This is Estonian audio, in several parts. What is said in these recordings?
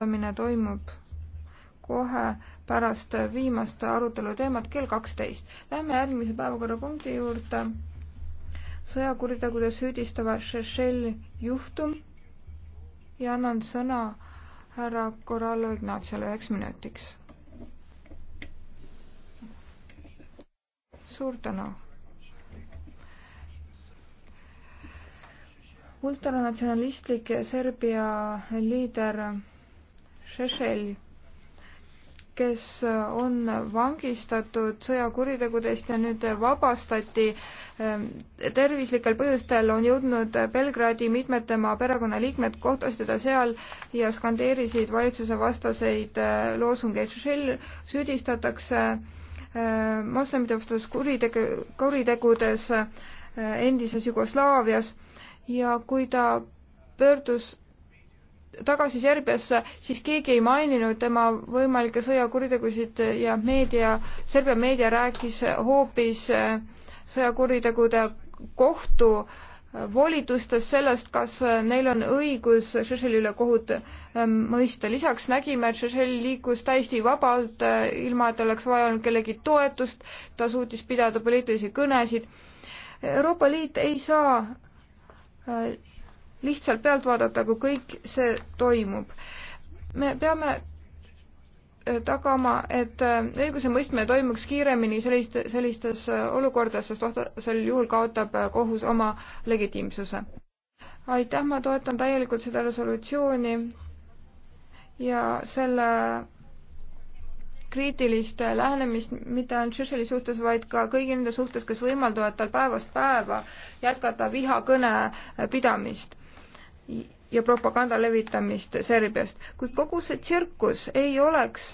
kuulamine toimub kohe pärast viimast arutelu teemat kell kaksteist. Lähme järgmise päevakorrapunkti juurde. sõjakuritegudes süüdistava Shechelle juhtum ja annan sõna härra Corallo Ignatsiale üheks minutiks. suur tänu. ultranatsionalistlik Serbia liider Šešelj, kes äh, on vangistatud sõjakuritegudest ja nüüd äh, vabastati ähm, tervislikel põhjustel, on jõudnud äh, Belgradi mitmed tema perekonnaliikmed kohtasid teda seal ja skandeerisid valitsuse vastaseid loosungeid. Šešelj süüdistatakse moslemite vastas kuritegu, kuritegudes endises Jugoslaavias ja kui ta pöördus tagasi Serbiasse, siis keegi ei maininud tema võimalikke sõjakuritegusid ja meedia, Serbia meedia rääkis hoopis äh, sõjakuritegude kohtu äh, volitustest, sellest, kas äh, neil on õigus Šešeli üle kohut mõista. lisaks nägime, et Šešel liikus täiesti vabalt, ilma et oleks vaja olnud kellegi toetust, ta suutis pidada poliitilisi kõnesid. Euroopa Liit ei saa lihtsalt pealt vaadata, kui kõik see toimub. me peame äh, tagama, et äh, õigusemõistmine toimuks kiiremini selliste, sellistes äh, olukordades, sest vastasel juhul kaotab kohus oma legitiimsuse. aitäh, ma toetan täielikult seda resolutsiooni ja selle kriitilist lähenemist mitte ainult Churchilli suhtes, vaid ka kõigi nende suhtes, kes võimaldavad tal päevast päeva jätkata vihakõne pidamist ja propaganda levitamist Serbiast, kuid kogu see tsirkus ei oleks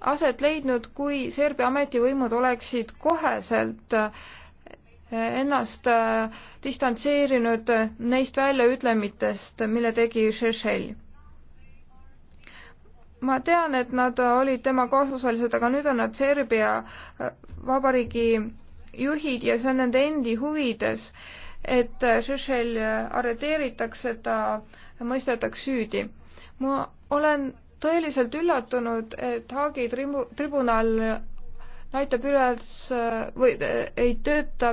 aset leidnud, kui Serbia ametivõimud oleksid koheselt ennast distantseerinud neist väljaütlemitest, mille tegi Šešelj. ma tean, et nad olid tema kaasosalised, aga nüüd on nad Serbia vabariigi juhid ja see on nende endi huvides et Šešel arreteeritakse, ta mõistetakse süüdi. ma olen tõeliselt üllatunud, et Haagi tribu-, tribunal näitab üles või ei tööta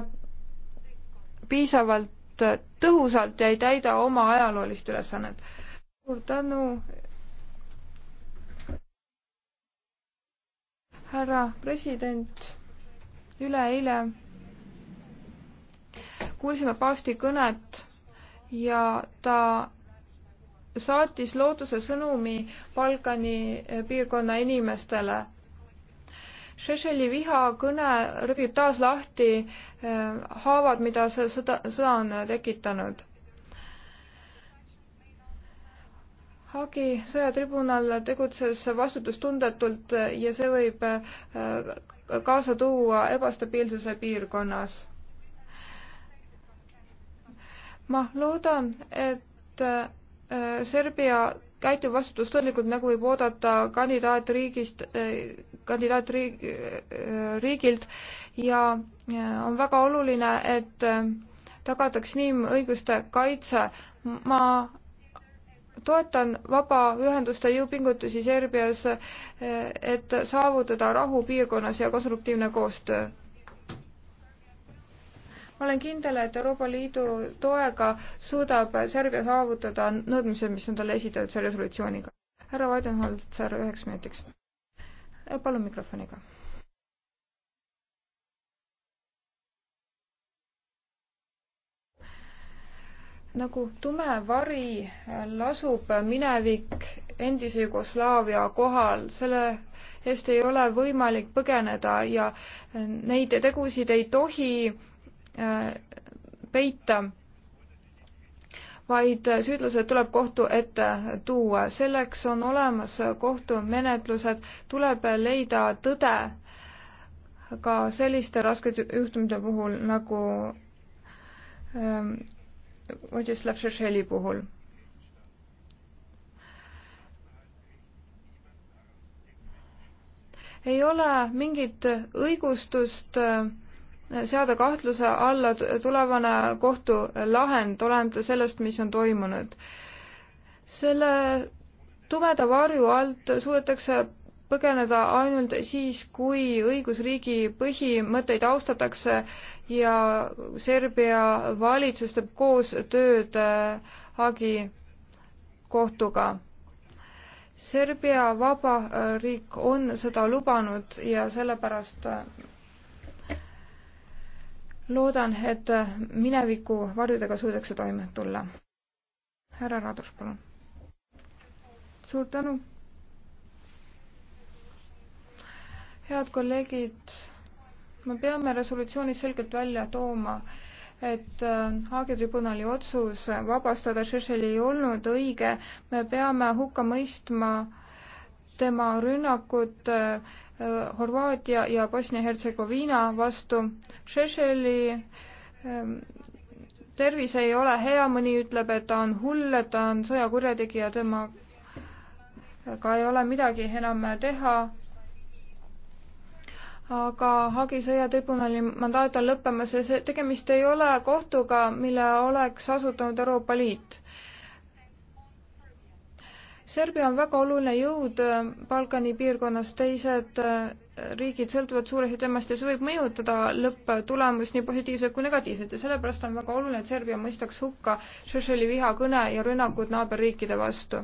piisavalt tõhusalt ja ei täida oma ajaloolist ülesannet. suur tänu. härra president, üleeile kuulsime paavsti kõnet ja ta saatis lootuse sõnumi Balkani piirkonna inimestele. Šešeli vihakõne rööbib taas lahti eh, haavad, mida see sõda, sõda on eh, tekitanud. Haagi sõjatribunal tegutses vastutustundetult eh, ja see võib kaasa tuua ebastabiilsuse piirkonnas ma loodan, et äh, Serbia käitub vastutustundlikult, nagu võib oodata kandidaatriigist, äh, kandidaatriigilt äh, ja on väga oluline, et tagataks inimõiguste kaitse. ma toetan vabaühenduste jõupingutusi Serbias, et saavutada rahu piirkonnas ja konstruktiivne koostöö olen kindel, et Euroopa Liidu toega suudab Serbia saavutada nõudmised, mis on talle esitatud selle resolutsiooniga. härra Weidenholzer üheks minutiks. palun mikrofoniga. nagu tume vari lasub minevik endise Jugoslaavia kohal, selle eest ei ole võimalik põgeneda ja neid tegusid ei tohi Äh, peita, vaid süüdlased tuleb kohtu ette tuua. selleks on olemas kohtumenetlused, tuleb leida tõde ka selliste raskete juhtumite puhul nagu Vladislav ähm, Šešeli puhul ei ole mingit õigustust äh, seada kahtluse alla tulevane kohtulahend, olenemata sellest, mis on toimunud. selle tumeda varju alt suudetakse põgeneda ainult siis, kui õigusriigi põhimõtteid austatakse ja Serbia valitsus teeb koostööd Hagi äh, kohtuga. Serbia vabariik on seda lubanud ja sellepärast äh, loodan, et mineviku vardudega suudakse toime tulla. härra Radus, palun. suur tänu. head kolleegid, me peame resolutsioonis selgelt välja tooma, et äh, Haagi tribunali otsus vabastada Šešeli ei olnud õige. me peame hukka mõistma äh, tema rünnakud äh, Horvaatia ja Bosnia-Hertsegoviina vastu. Šešeli ähm, tervis ei ole hea, mõni ütleb, et ta on hull, et ta on sõjakurjategija, temaga ei ole midagi enam teha. aga Haagi sõjatribunali mandaat on lõppemas ja see, tegemist ei ole kohtuga, mille oleks asutanud Euroopa Liit Serbia on väga oluline jõud äh, Balkani piirkonnas, teised äh, riigid sõltuvad suuresti temast ja see võib mõjutada lõpptulemust nii positiivselt kui negatiivselt ja sellepärast on väga oluline, et Serbia mõistaks hukka Šešeli vihakõne ja rünnakud naaberriikide vastu.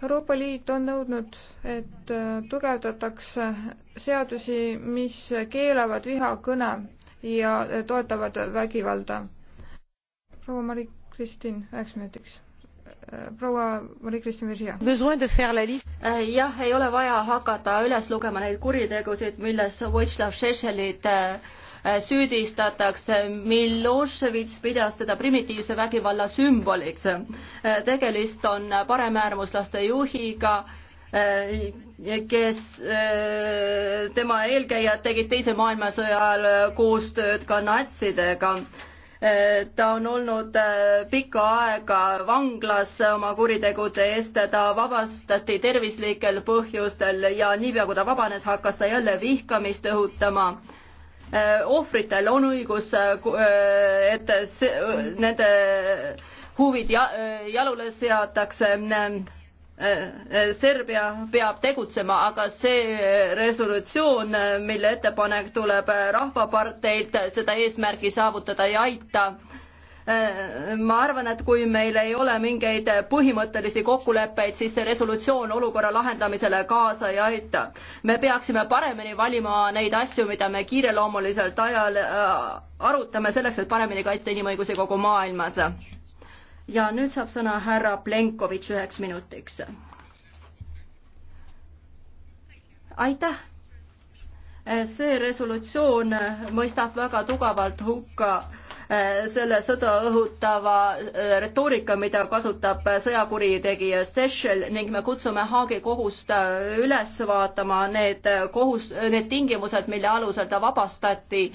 Euroopa Liit on nõudnud, et äh, tugevdatakse seadusi, mis keelavad vihakõne ja toetavad vägivalda. proua Mari-Kristin, üheks minutiks Eh, proua Marie-Kristin Veržia. Eh, jah, ei ole vaja hakata üles lugema neid kuritegusid, milles Vojislav Šešelit eh, süüdistatakse, Miloševitš pidas teda primitiivse vägivalla sümboliks. tegelist on paremäärmuslaste juhiga, kes, tema eelkäijad tegid Teise maailmasõja ajal koostööd ka natsidega ta on olnud äh, pikka aega vanglas oma kuritegude eest, ta vabastati tervislikel põhjustel ja niipea, kui ta vabanes, hakkas ta jälle vihkamist õhutama. Äh, ohvritel on õigus, äh, et see, nende huvid ja, jalule seatakse Äh, äh, Serbia peab tegutsema, aga see äh, resolutsioon, mille ettepanek tuleb Rahvaparteilt, seda eesmärgi saavutada ei aita. ma arvan, et kui meil ei ole mingeid põhimõttelisi kokkuleppeid, siis see resolutsioon olukorra lahendamisele kaasa ei aita. me peaksime paremini valima neid asju, mida me kiireloomuliselt ajal arutame selleks, et paremini kaitsta inimõigusi kogu maailmas ja nüüd saab sõna härra Plenkovitš üheks minutiks. aitäh see resolutsioon mõistab väga tugevalt hukka äh, selle sõda õhutava äh, retoorika, mida kasutab äh, sõjakuritegija Sechel ning me kutsume Haagi kohust üles vaatama need kohus, need tingimused, mille alusel ta vabastati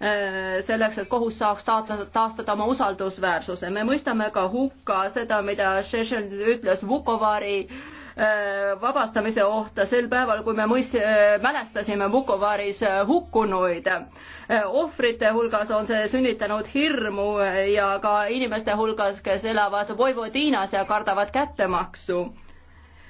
Äh, selleks, et kohus saaks taotleda, taastada oma usaldusväärsuse. me mõistame ka hukka seda, mida Šešel ütles Vukovari äh, vabastamise ohta sel päeval, kui me mõist-, äh, mälestasime Vukovaris hukkunuid. ohvrite hulgas on see sünnitanud hirmu ja ka inimeste hulgas, kes elavad Vojvodinas ja kardavad kättemaksu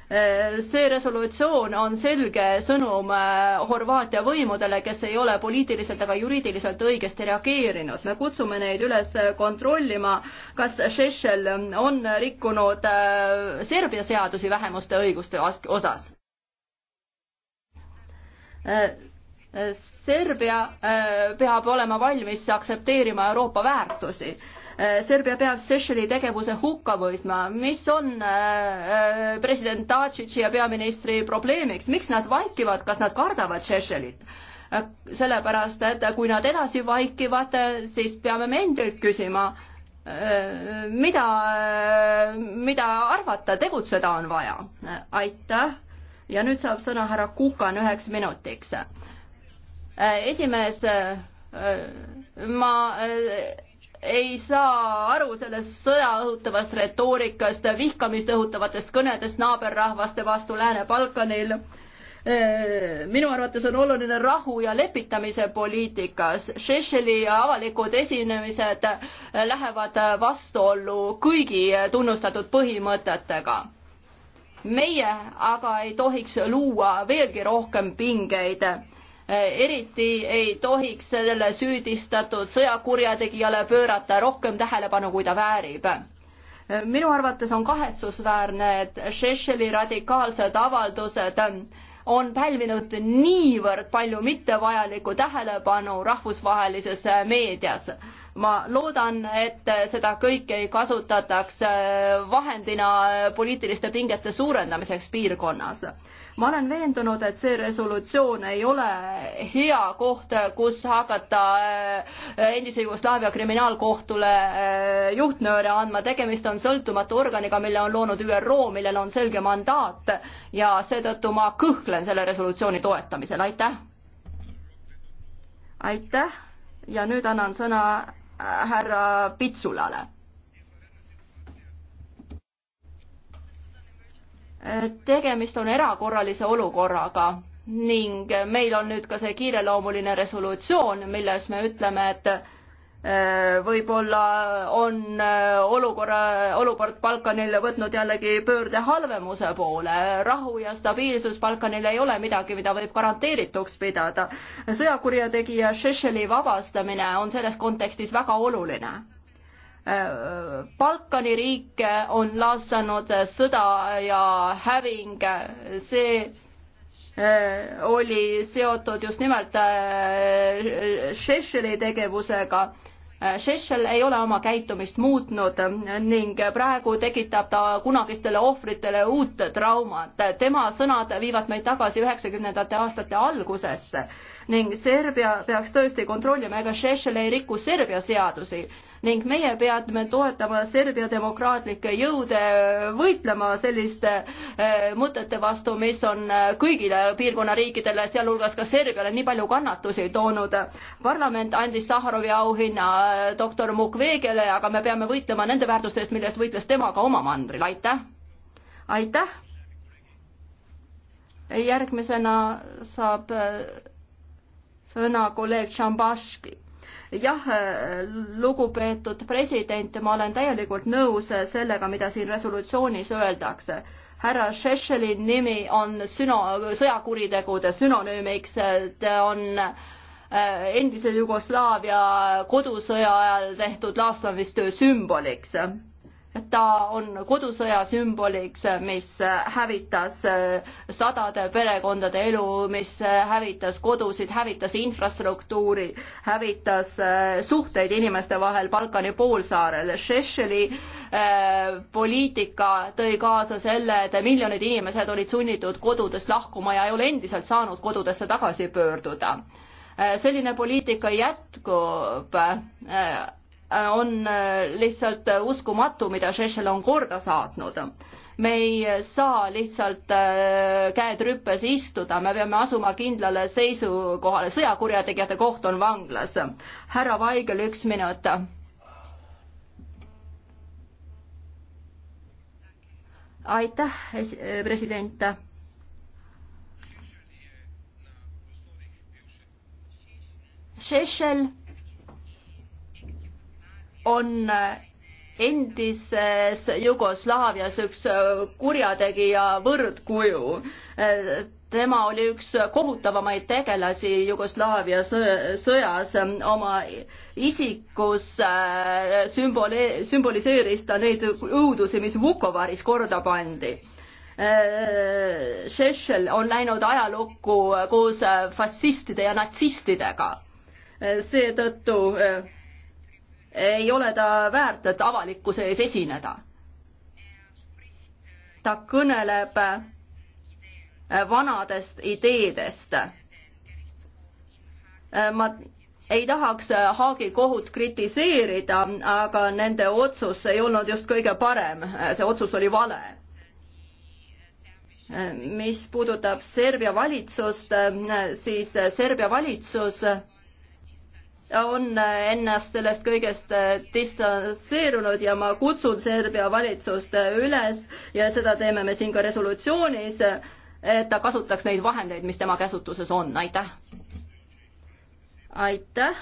Eh, see resolutsioon on selge sõnum eh, Horvaatia võimudele, kes ei ole poliitiliselt ega juriidiliselt õigesti reageerinud. me kutsume neid üles eh, kontrollima, kas Šešel on rikkunud Serbia seadusi vähemuste õiguste osas. Serbia peab olema valmis aktsepteerima Euroopa väärtusi Äh, Serbia peab Sešeli tegevuse hukka mõistma, mis on äh, äh, president Tadžitši ja peaministri probleemiks, miks nad vaikivad, kas nad kardavad Sešelit? sellepärast, et kui nad edasi vaikivad, siis peame me endilt küsima, mida, mida arvata, tegutseda on vaja. aitäh ja nüüd saab sõna härra Kukan üheks minutiks. esimees, ma ei saa aru sellest sõja õhutavast retoorikast, vihkamist õhutavatest kõnedest naaberrahvaste vastu Lääne-Balkanil. minu arvates on oluline rahu ja lepitamise poliitikas. Šešeli avalikud esinemised lähevad vastuollu kõigi tunnustatud põhimõtetega meie aga ei tohiks luua veelgi rohkem pingeid eriti ei tohiks sellele süüdistatud sõjakurjategijale pöörata rohkem tähelepanu, kui ta väärib minu arvates on kahetsusväärne, et Šešeli radikaalsed avaldused on pälvinud niivõrd palju mittevajalikku tähelepanu rahvusvahelises meedias ma loodan, et seda kõike ei kasutataks äh, vahendina äh, poliitiliste pingete suurendamiseks piirkonnas. ma olen veendunud, et see resolutsioon ei ole hea koht, kus hakata äh, endise Jugoslaavia kriminaalkohtule juhtnööre andma, tegemist on sõltumatu organiga, mille on loonud ÜRO, millel on selge mandaat ja seetõttu ma kõhklen selle resolutsiooni toetamisel, aitäh! aitäh! ja nüüd annan sõna härra Pitsulale. tegemist on erakorralise olukorraga ning meil on nüüd ka see kiireloomuline resolutsioon, milles me ütleme, et Äh, võib-olla on äh, olukorra, olukord Balkanil võtnud jällegi pöörde halvemuse poole. rahu ja stabiilsus Balkanil ei ole midagi, mida võib garanteerituks pidada. sõjakurjategija Šešeli vabastamine on selles kontekstis väga oluline. Äh, Balkani riike on laastanud sõda ja häving, see oli seotud just nimelt Šešeli tegevusega Šešel äh, ei ole oma käitumist muutnud ning praegu tekitab ta kunagistele ohvritele uut traumat. tema sõnad viivad meid tagasi üheksakümnendate aastate algusesse ning Serbia peaks tõesti kontrollima, ega Šešel ei riku Serbia seadusi ning meie peame toetama Serbia demokraatlikke jõude võitlema selliste eh, mõtete vastu, mis on eh, kõigile piirkonna riikidele, sealhulgas ka Serbiale, nii palju kannatusi toonud. parlament andis Sahharovi auhinna eh, doktor Mukwegele, aga me peame võitlema nende väärtuste eest, mille eest võitles tema ka oma mandril, aitäh! aitäh! järgmisena saab sõna kolleeg Tšambaški jah, lugupeetud president, ma olen täielikult nõus sellega, mida siin resolutsioonis öeldakse. härra Šešeli nimi on süno-, sõjakuritegude sünonüümiks, ta on eh, endise Jugoslaavia kodusõja ajal tehtud laastamistöö sümboliks ta on kodusõja sümboliks, mis hävitas äh, sadade perekondade elu, mis äh, hävitas kodusid, hävitas infrastruktuuri, hävitas äh, suhteid inimeste vahel Balkani poolsaarel. Šešeli poliitika tõi kaasa selle, et miljonid inimesed olid sunnitud kodudest lahkuma ja ei ole endiselt saanud kodudesse tagasi pöörduda selline poliitika jätkub Äh, on äh, lihtsalt äh, uskumatu, mida Šešel on korda saatnud. me ei saa lihtsalt käed rüppes istuda, me peame asuma kindlale seisukohale, sõjakurjategijate koht on vanglas. härra Vaigel, üks minut. aitäh, president Šešel on endises Jugoslaavias üks äh, kurjategija võrdkuju. Äh, tema oli üks kohutavamaid tegelasi Jugoslaavia sõjas, oma isikus äh, sümbole-, sümboliseeris ta neid õudusi, mis Vukovaris korda pandi Šešel on läinud ajalukku koos fašistide ja natsistidega. seetõttu ei ole ta väärt, et avalikkuse ees esineda. ta kõneleb äh, vanadest ideedest. Äh, ma ei tahaks äh, Haagi kohut kritiseerida, aga nende otsus ei olnud just kõige parem, see otsus oli vale. mis puudutab Serbia valitsust, siis Serbia valitsus on ennast sellest kõigest äh, distantseerunud ja ma kutsun Serbia valitsust äh, üles ja seda teeme me siin ka resolutsioonis, et ta kasutaks neid vahendeid, mis tema käsutuses on, aitäh. aitäh.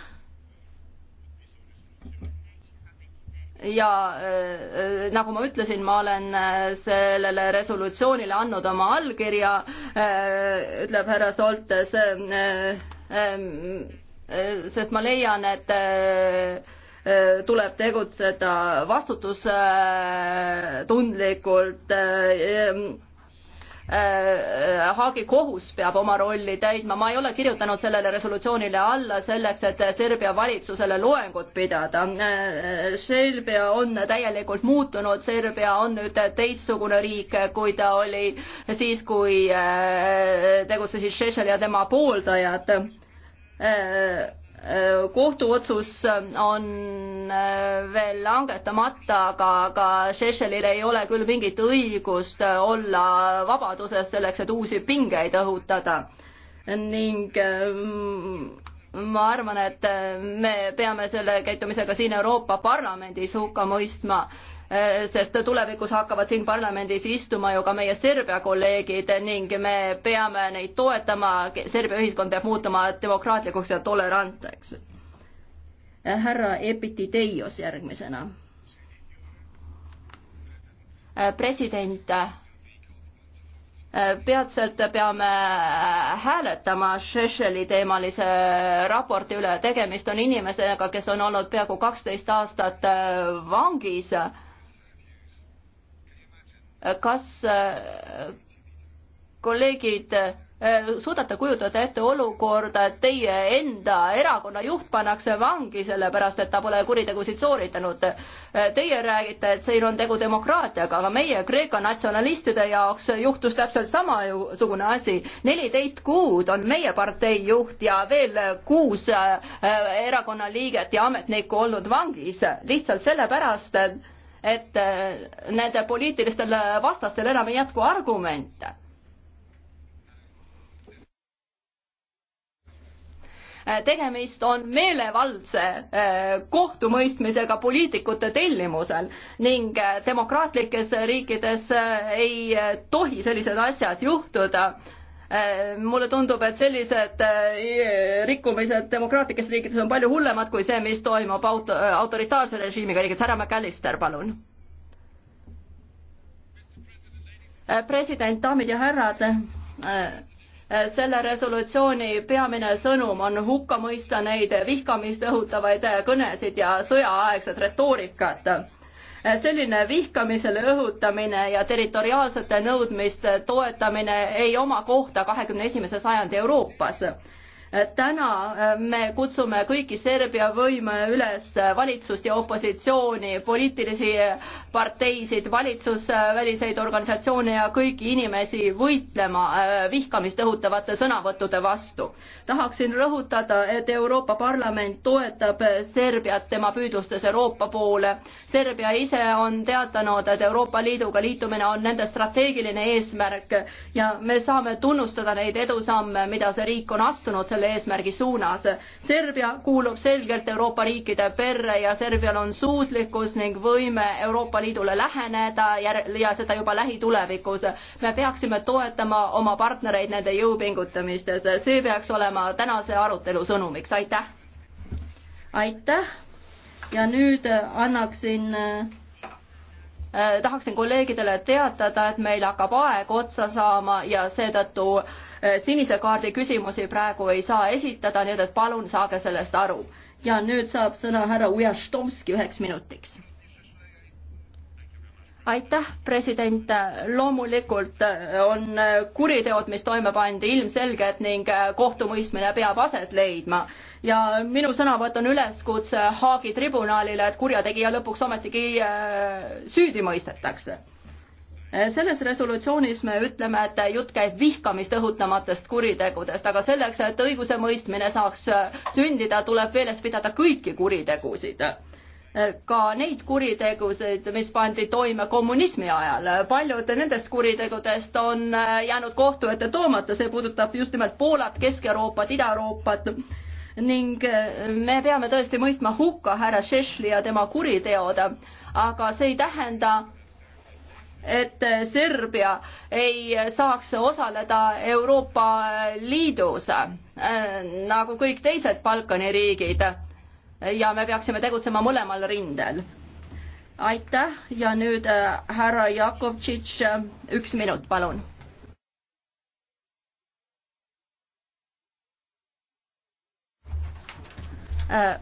ja äh, nagu ma ütlesin, ma olen äh, sellele resolutsioonile andnud oma allkirja äh,, ütleb härra Soltes äh,. Äh, sest ma leian, et äh, tuleb tegutseda vastutustundlikult. Äh, äh, Haagi kohus peab oma rolli täitma, ma ei ole kirjutanud sellele resolutsioonile alla selleks, et Serbia valitsusele loengut pidada. Serbia on täielikult muutunud, Serbia on nüüd teistsugune riik, kui ta oli siis, kui tegutsesid Šešel ja tema pooldajad kohtuotsus on äh, veel langetamata, aga, aga Šešelil ei ole küll mingit õigust äh, olla vabaduses selleks, et uusi pingeid õhutada. ning äh, ma arvan, et me peame selle käitumisega siin Euroopa Parlamendis hukka mõistma Äh, sest tulevikus hakkavad siin parlamendis istuma ju ka meie Serbia kolleegid ning me peame neid toetama, Serbia ühiskond peab muutuma demokraatlikuks ja tolerantseks. Äh, härra Epitideios järgmisena. Äh, president peatselt peame hääletama Šešeli teemalise raporti üle. tegemist on inimesega, kes on olnud peaaegu kaksteist aastat vangis kas äh, kolleegid, äh, suudate kujutada ette olukorda, et teie enda erakonna juht pannakse vangi sellepärast, et ta pole kuritegusid sooritanud. Äh, teie räägite, et siin on tegu demokraatiaga, aga meie Kreeka natsionalistide jaoks juhtus täpselt samasugune asi. neliteist kuud on meie partei juht ja veel kuus erakonna liiget ja ametnikku olnud vangis lihtsalt sellepärast, et et äh, nende poliitilistel vastastel enam ei jätku argumente. Äh, tegemist on meelevaldse äh, kohtumõistmisega poliitikute tellimusel ning demokraatlikes riikides ei tohi sellised asjad juhtuda Äh, mulle tundub, et sellised äh, rikkumised demokraatlikes riikides on palju hullemad kui see, mis toimub auto, äh, autoritaarse režiimiga riigis. härra McAllister, palun. president, daamid ja härrad, selle resolutsiooni peamine sõnum on hukka mõista neid vihkamist õhutavaid kõnesid ja sõjaaegset retoorikat selline vihkamisele õhutamine ja territoriaalsete nõudmiste toetamine ei oma kohta kahekümne esimese sajandi Euroopas täna äh, me kutsume kõiki Serbia võime üles valitsust ja opositsiooni, poliitilisi parteisid, valitsusväliseid organisatsioone ja kõiki inimesi võitlema äh, vihkamist õhutavate sõnavõttude vastu. tahaksin rõhutada, et Euroopa Parlament toetab Serbiat tema püüdlustes Euroopa poole. Serbia ise on teatanud, et Euroopa Liiduga liitumine on nende strateegiline eesmärk ja me saame tunnustada neid edusamme, mida see riik on astunud selle selle eesmärgi suunas. Serbia kuulub selgelt Euroopa riikide perre ja Serbial on suutlikkus ning võime Euroopa Liidule läheneda ja seda juba lähitulevikus. me peaksime toetama oma partnereid nende jõupingutamistest, see peaks olema tänase arutelu sõnumiks, aitäh! aitäh ja nüüd annaksin äh, Äh, tahaksin kolleegidele teatada, et meil hakkab aeg otsa saama ja seetõttu äh, sinise kaardi küsimusi praegu ei saa esitada, nii et palun saage sellest aru. ja nüüd saab sõna härra Ujaštomski üheks minutiks aitäh, president. loomulikult äh, on kuriteod, mis toime pandi, ilmselged ning kohtumõistmine peab aset leidma ja minu sõnavõtt on üleskutse Haagi tribunalile, et kurjategija lõpuks ometigi äh, süüdi mõistetakse. Äh, selles resolutsioonis me ütleme, et jutt käib vihkamist õhutamatest kuritegudest, aga selleks, et õigusemõistmine saaks äh, sündida, tuleb meeles pidada kõiki kuritegusid ka neid kuritegusid, mis pandi toime kommunismi ajal. paljud nendest kuritegudest on jäänud kohtu ette toomata, see puudutab just nimelt Poolat, Kesk-Euroopat, Ida-Euroopat ning eh, me peame tõesti mõistma hukka härra Šešli ja tema kuriteod, aga see ei tähenda, et eh, Serbia ei saaks osaleda Euroopa Liidus eh, nagu kõik teised Balkani riigid. ja me peaksime tegutsema mõlemal rindel. aitäh ja nüüd härra Jakovtšitš, üks minut, palun Äh,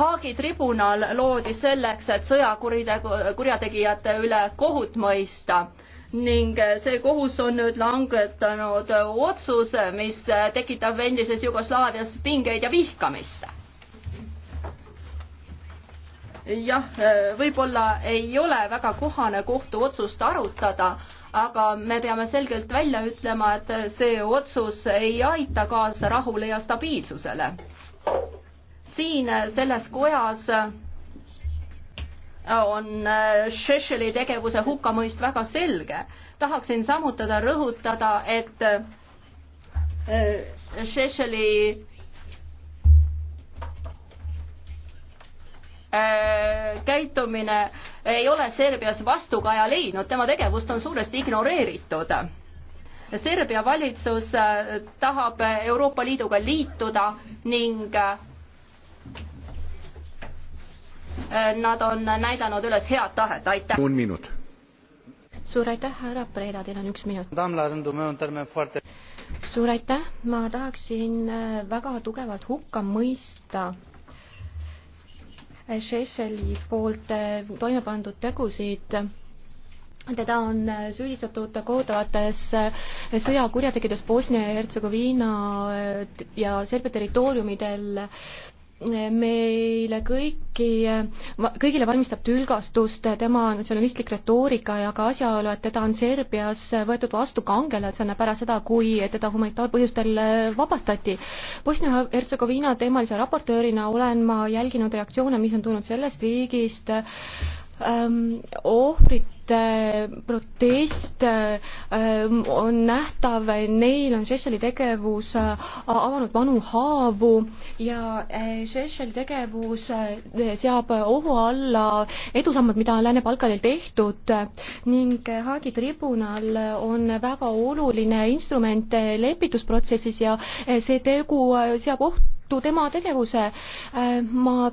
Haagi tribunal loodi selleks, et sõjakuritegu, kurjategijate üle kohut mõista ning see kohus on nüüd langetanud otsuse, mis tekitab endises Jugoslaavias pingeid ja vihkamist. jah, äh, võib-olla ei ole väga kohane kohtuotsust arutada aga me peame selgelt välja ütlema, et see otsus ei aita kaasa rahule ja stabiilsusele. siin selles kojas on Šešeli äh, tegevuse hukkamõist väga selge. tahaksin samutada rõhutada, et Šešeli äh, äh, käitumine ei ole Serbias vastukaja leidnud, tema tegevust on suuresti ignoreeritud. Serbia valitsus äh, tahab Euroopa Liiduga liituda ning äh, nad on näidanud üles head tahet, aitäh. un minut. suur aitäh, härra Preeda, teil on üks minut. suur aitäh, ma tahaksin äh, väga tugevalt hukka mõista Šešeli poolt eh, toime pandud tegusid teda on eh, süüdistatud kohutavates eh, sõjakurjategides Bosnia ja Hertsegoviina ja Serbia territooriumidel meile kõiki, kõigile valmistab tülgastust tema natsionalistlik retoorika ja ka asjaolu, et teda on Serbias võetud vastu kangelasena pärast seda, kui teda humanitaarpõhjustel vabastati. Bosnia-Hertsegoviina teemalise raportöörina olen ma jälginud reaktsioone, mis on tulnud sellest riigist äh, Ähm, ohvrite protest ähm, on nähtav, neil on Šešeli tegevus äh, avanud vanu haavu ja Šešeli äh, tegevus äh, seab ohu alla edusammud, mida on Lääne-Balkanil tehtud ning Haagi tribunal on väga oluline instrument lepitusprotsessis ja see tegu seab ohtu tema tegevuse. ma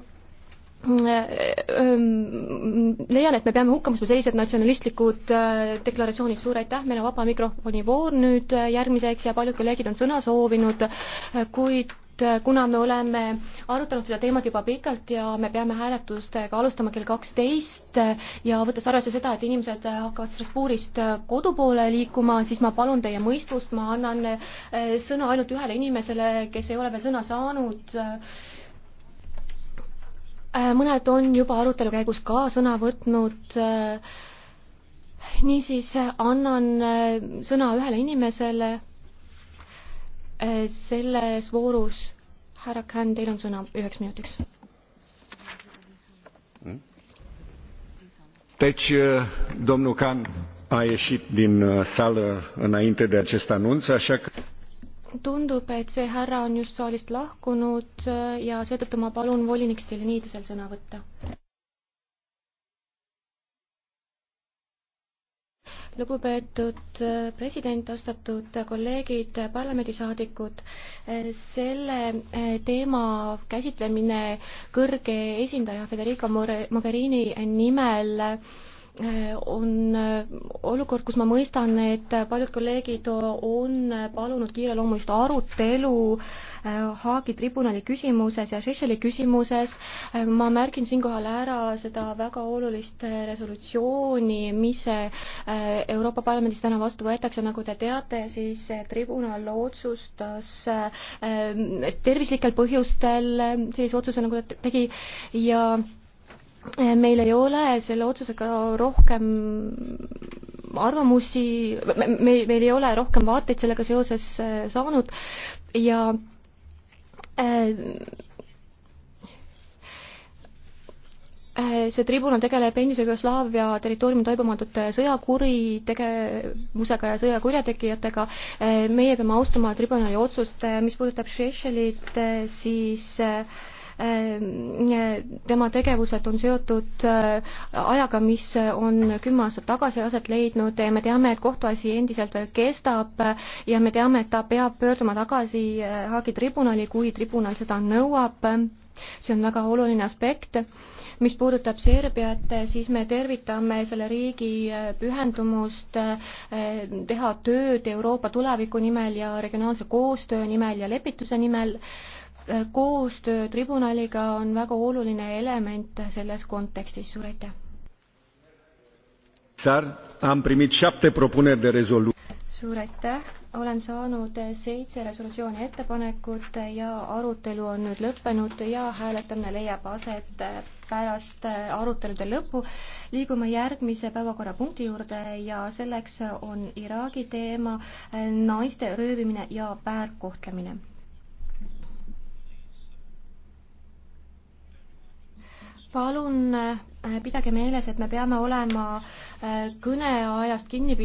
Äh, ähm, leian, et me peame hukka mõistma sellised natsionalistlikud äh, deklaratsioonid, suur aitäh, meil on vaba mikrofoni voor nüüd äh, järgmiseks ja paljud kolleegid on sõna soovinud, kuid kuna me oleme arutanud seda teemat juba pikalt ja me peame hääletustega alustama kell kaksteist ja võttes arvesse seda, et inimesed hakkavad Strasbourgist kodu poole liikuma, siis ma palun teie mõistust, ma annan sõna ainult ühele inimesele, kes ei ole veel sõna saanud Äh, mõned on juba arutelu käigus ka sõna võtnud. Äh, niisiis äh, annan sõna ühele inimesele selles voorus. härra Känn, teil on sõna üheks minutiks. Hmm? Deci, domnul Can a ieșit din uh, sală înainte de acest anunț, așa că tundub, et see härra on just saalist lahkunud äh, ja seetõttu ma palun volinik Stelniidusel sõna võtta. lugupeetud äh, president, austatud äh, kolleegid, parlamendisaadikud, selle teema käsitlemine kõrge esindaja Federica Mogherini nimel on äh, olukord, kus ma mõistan, et paljud kolleegid on palunud kiireloomulist arutelu äh, Haagi tribunali küsimuses ja Seychelles'i küsimuses. Äh, ma märgin siinkohal ära seda väga olulist resolutsiooni, mis Euroopa Parlamendis täna vastu võetakse, nagu te teate, siis tribunal otsustas tervislikel põhjustel sellise otsuse, nagu ta tegi ja Eh, meil ei ole selle otsusega rohkem arvamusi, me, meil ei ole rohkem vaateid sellega seoses eh, saanud ja eh, see tribunal tegeleb endise Jugoslaavia territooriumil toime pandud sõjakuritegevusega ja sõjakurjategijatega. meie peame austama tribunali otsust, mis puudutab Šešelit, siis äh, Ehm, tema tegevused on seotud äh, ajaga, mis on kümme aastat tagasi aset leidnud ja me teame, et kohtuasi endiselt veel kestab äh, ja me teame, et ta peab pöörduma tagasi äh, Haagi tribunali, kui tribunal seda nõuab. see on väga oluline aspekt mis puudutab Serbiat, siis me tervitame selle riigi pühendumust teha tööd Euroopa tuleviku nimel ja regionaalse koostöö nimel ja lepituse nimel Äh, koostöö tribunaliga on väga oluline element selles kontekstis, suur aitäh! suur aitäh, olen saanud äh, seitse resolutsiooni ettepanekut ja arutelu on nüüd lõppenud ja hääletamine leiab aset äh, pärast arutelude lõppu. liigume järgmise päevakorrapunkti juurde ja selleks on Iraagi teema naiste röövimine ja väärkohtlemine palun äh, pidage meeles, et me peame olema äh, kõneajast kinni pidanud.